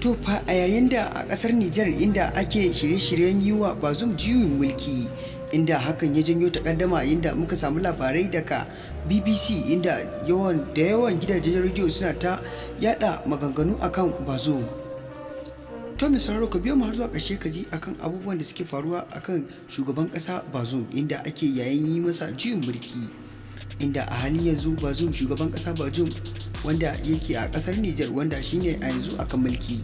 to fa a yayin da a kasar Nijar inda ake shirye-shiryen yi wa bazum juyin mulki inda hakan ya janyo takaddama inda muka samu labarai daga BBC inda yawan da yawan gidajen rediyo suna ta yada maganganu akan bazum to mai sauraro ka biyo mu har zuwa ƙarshe ka ji akan abubuwan da suke faruwa akan shugaban ƙasa bazum inda ake yayin yi masa juyin mulki inda a halin yanzu bazum shugaban ƙasa bazum wanda yake a kasar Nijar wanda shine a yanzu aka mulki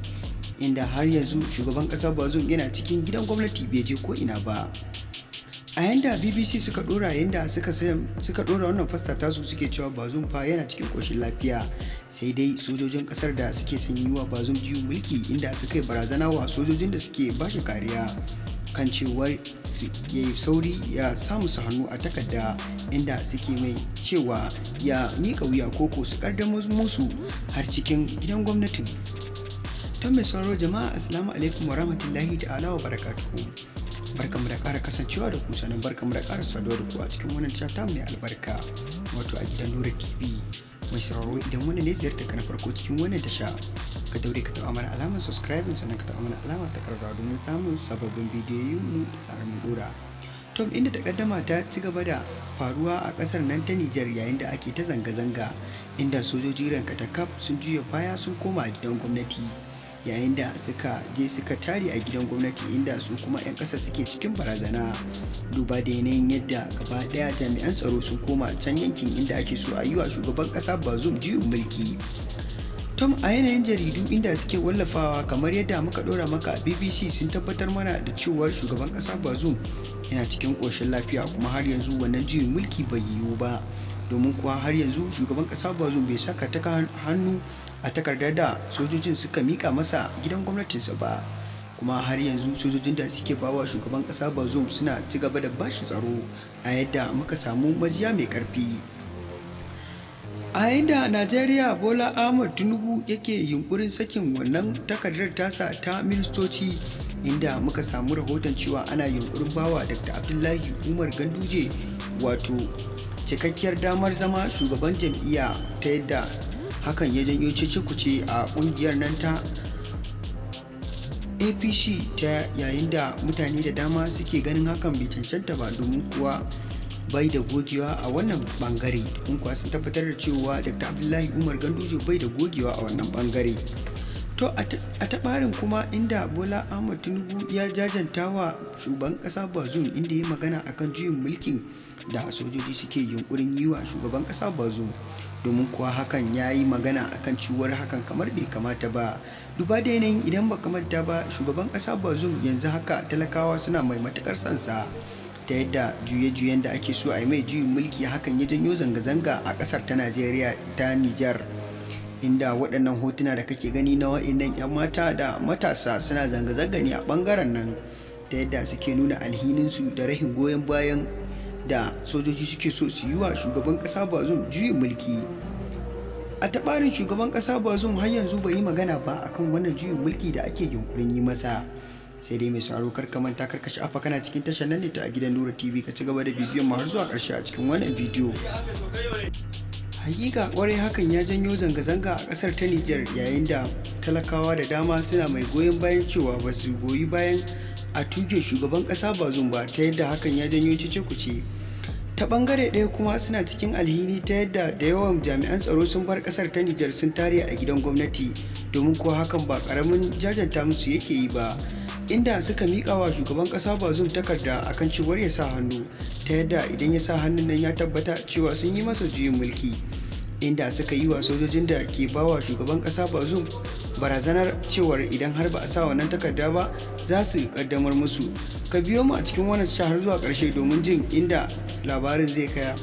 inda har yanzu shugaban kasar Bazoum yana cikin gidan gwamnati bai je ko ina ba a yanda bbc suka dora yanda suka dora wannan fasta tasu suke cewa bazum fa yana cikin koshin lafiya sai dai sojojin kasar da suke sanyi yi wa bazum jiyu mulki inda suka yi barazana wa sojojin da suke bashi kariya kan cewar ya yi sauri ya samu su hannu a takarda inda suke mai cewa ya mika wuya koko su kardamar musu har cikin gidan gwamnatin. Tom mai sauraro jama'a assalamu alaikum wa rahmatullahi ta'ala wa barakatuhu. barkamu da kara kasancewa da ku sannan barkamu da ƙara saduwa da ku a cikin wannan chata mai albarka wato a gidan nura tv mai sauraro idan wani ne ziyarta ka na farko cikin wannan tasha ka daure ka taɓa mana alamar subscribe sannan ka taɓa mana alamar takarda domin samun sababbin bidiyoyin mu da tsarin mu dora tom inda takaddama ta ci gaba da faruwa a kasar nan ta Nijar yayin da ake ta zanga-zanga inda sojoji ranka ta kaf sun juya baya sun koma gidan gwamnati yayin da suka je suka tare a gidan gwamnati inda su kuma 'yan ƙasa suke cikin barazana duba da yanayin yadda gaba ɗaya jami'an tsaro sun koma can yankin inda ake so a yi wa shugaban ƙasa bazum jiyu mulki tom a yanayin jaridu inda suke wallafawa kamar yadda muka dora maka bbc sun tabbatar mana da cewar shugaban kasa bazum yana cikin koshin lafiya kuma har yanzu wannan juyin mulki bai yiwu ba domin kuwa har yanzu shugaban ƙasa bazum bai saka ta hannu a takardar da sojojin suka mika masa gidan gwamnatinsa ba kuma har yanzu sojojin da suke bawa shugaban ƙasa bazum suna ci gaba da bashi tsaro a yadda muka samu majiya mai karfi a yadda najeriya bola ahmad tinubu yake yunkurin sakin wannan takardar tasa ta ministoci inda muka samu rahoton cewa ana yunkurin bawa dr abdullahi umar ganduje wato cikakkiyar damar zama shugaban jam'iyya ta yadda hakan ya janyo cece-kuce a kungiyar nan ta apc ta yayin da mutane da dama suke ganin hakan bai cancanta ba domin kuwa bai da gogewa a wannan bangare in kuwa sun tabbatar da cewa dr abdullahi umar gandojo bai da gogewa a wannan bangare to a ta barin kuma inda bola ahmad tinubu ya jajanta wa shugaban kasa bazoum inda ya magana akan juyin mulkin da sojoji suke yunkurin yi wa shugaban kasa bazoum domin kuwa hakan ya yi magana akan ciwar hakan kamar bai kamata ba duba da yanayin idan ba kamata ba shugaban kasa bazoum yanzu haka talakawa suna mai matukar sansa ta yadda juye-juyen da ake so a yi mai juyin mulki hakan ya janyo zanga-zanga a kasar ta najeriya ta nijar inda waɗannan hotuna da kake gani na wa'innan 'yan mata da matasa suna zanga-zanga ne a ɓangaren nan ta yadda suke nuna alhininsu da rahin goyon bayan da sojoji suke so su yi wa shugaban ƙasa bazum juyin mulki a taɓarin shugaban ƙasa bazum har yanzu bai yi magana ba akan wannan juyin mulki da ake yunkurin yi masa sai dai mai sauraro kar ta manta afa kana cikin tashar nan ne ta gidan Nura TV ka ci gaba da bibiyon mu har zuwa karshe a cikin wannan bidiyo hakika kwarai hakan ya janyo zanga-zanga a kasar ta nijar yayin da talakawa da dama suna mai goyon bayan cewa ba su goyi bayan a tuge shugaban kasa bazum ba ta yadda hakan ya janyo cece kuce ta bangare ɗaya kuma suna cikin alhini ta yadda da yawan jami'an tsaro sun bar kasar ta nijar sun tare a gidan gwamnati domin ko hakan ba karamin jajanta musu yake yi ba inda suka miƙa wa shugaban ƙasa bazum takarda akan cewar ya sa hannu ta yadda idan ya sa hannun nan ya tabbata cewa sun yi masa juyin mulki inda suka yi wa sojojin da ke bawa shugaban kasa bazum barazanar cewar idan har ba a sa wannan takarda ba za su kaddamar musu ka biyo mu a cikin wannan shahar zuwa ƙarshe domin jin inda labarin zai kaya